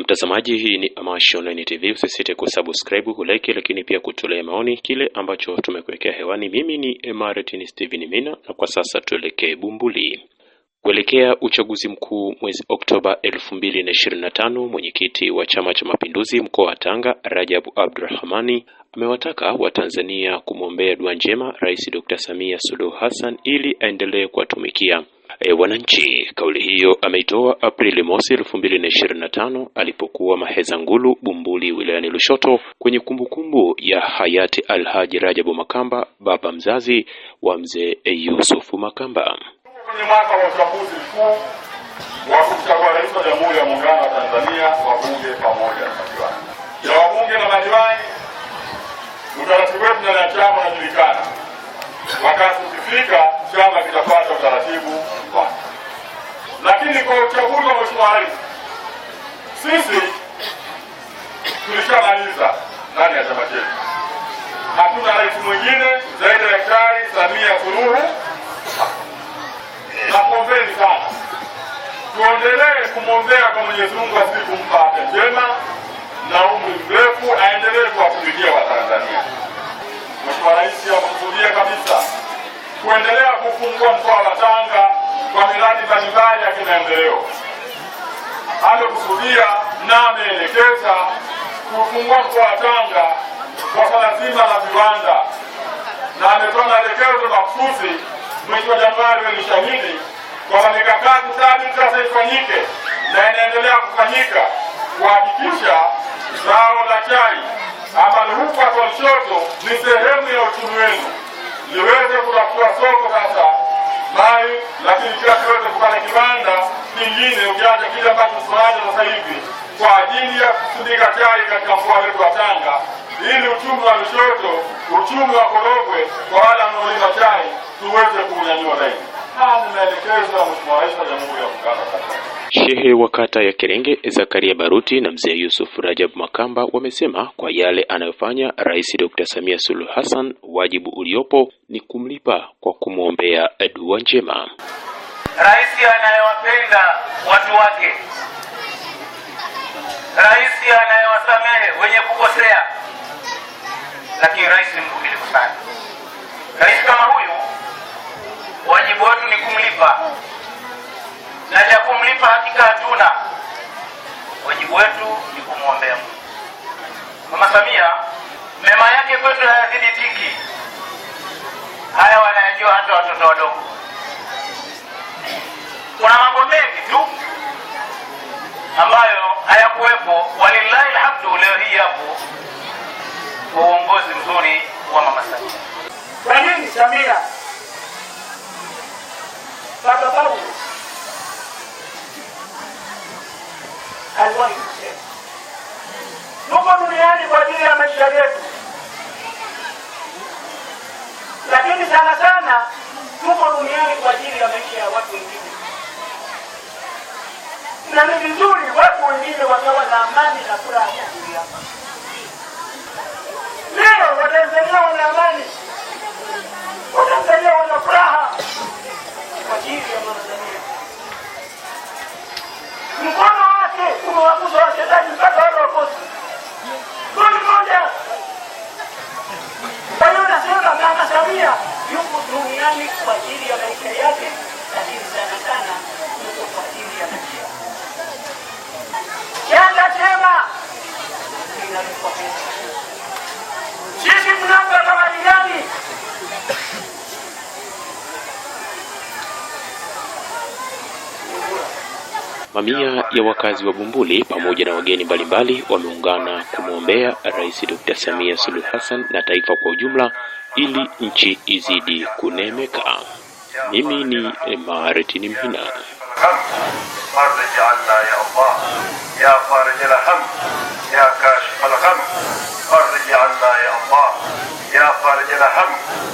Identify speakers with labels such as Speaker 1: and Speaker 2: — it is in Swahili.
Speaker 1: Mtazamaji, hii ni Amashi Online TV, usisite kusubscribe, kulike, lakini pia kutolea maoni kile ambacho tumekuwekea hewani. Mimi ni Emmaretini Steven Mina, na kwa sasa tuelekee Bumbuli. Kuelekea uchaguzi mkuu mwezi Oktoba elfu mbili na ishirini na tano, mwenyekiti wa Chama cha Mapinduzi mkoa wa Tanga Rajabu Abdurahmani amewataka Watanzania kumwombea dua njema Rais Dr. Samia Suluhu Hassan ili aendelee kuwatumikia E, wananchi. Kauli hiyo ameitoa Aprili mosi elfu mbili na ishirini na tano alipokuwa Maheza Ngulu Bumbuli wilayani Lushoto kwenye kumbukumbu ya hayati Alhaji Rajabu Makamba baba mzazi wa mzee Yusufu Makamba
Speaker 2: ni mwaka wa uchaguzi mkuu wa kumchagua rais wa Jamhuri ya Muungano wa Tanzania, wabunge pamoja na madiwani. ya wabunge na madiwani, utaratibu wetu ndani ya chama unajulikana. Wakati ukifika, chama kitapata utaratibu wake. Lakini kwa uchaguzi wa mheshimiwa rais, sisi tulishamaliza ndani ya chama chetu, hatuna rais mwingine zaidi ya Daktari Samia Suluhu aendelee kumwombea kwa Mwenyezi Mungu azidi kumpa afya njema na umri mrefu, aendelee kuwatumikia Watanzania. Mheshimiwa Rais amekusudia kabisa kuendelea kufungua mkoa wa Tanga kwa miradi mbalimbali ya kimaendeleo, amekusudia na ameelekeza kufungua mkoa wa Tanga kwa swala zima la viwanda, na ametoa maelekezo mahususi. wa Januari wenye shahidi kwamba mikakati thabiti sasa ifanyike na inaendelea kufanyika kuhakikisha zao la chai ambalo kwa nshoto ni sehemu ya uchumi wenu liweze kutafuta soko sasa mai, lakini pia tuweze kupata kibanda kingine, ukiacha kile ambacho tunacho sasa hivi kwa ajili ya kusindika chai katika mkoa wetu wa Tanga, ili uchumi wa Lushoto, uchumi wa Korogwe kwa wale wanaolima chai tuweze kuunyanyua zaidi.
Speaker 1: Shehe wa kata ya Kerenge Zakaria Baruti na mzee Yusuf Rajab Makamba wamesema kwa yale anayofanya Rais Dr. Samia Suluhu Hassan, wajibu uliopo ni kumlipa kwa kumwombea dua njema.
Speaker 3: Rais anayewapenda watu wake, rais anayewasamehe wenye kukosea, lakini rais ni magonjwa hayadhibitiki. Haya wanayajua hata watoto wadogo. Kuna mambo mengi tu ambayo hayakuwepo, walillahi alhamdu. Leo hii yapo kwa uongozi mzuri wa mama Samia.
Speaker 4: Kwa nini Samia? Baba sababu aliwahi kusema tuko duniani kwa ajili ya maisha yetu na ni vizuri watu wengine wakawa na amani na furaha kulia. Leo Watanzania wana amani, Watanzania wana furaha kwa ajili ya Mama Mkono wake umewaguza washetani mpaka wale wakosi goli moja. Kwa hiyo nasema Mama Samia yuko duniani kwa ajili Sisi tunampa gani?
Speaker 1: Mamia ya wakazi wa Bumbuli pamoja na wageni mbalimbali wameungana kumwombea Rais Dr. Samia Suluhu Hassan na taifa kwa ujumla ili nchi izidi kunemeka. Mimi ni Maretini Mhina. الغم فرج عنا يا الله يا فارج الهم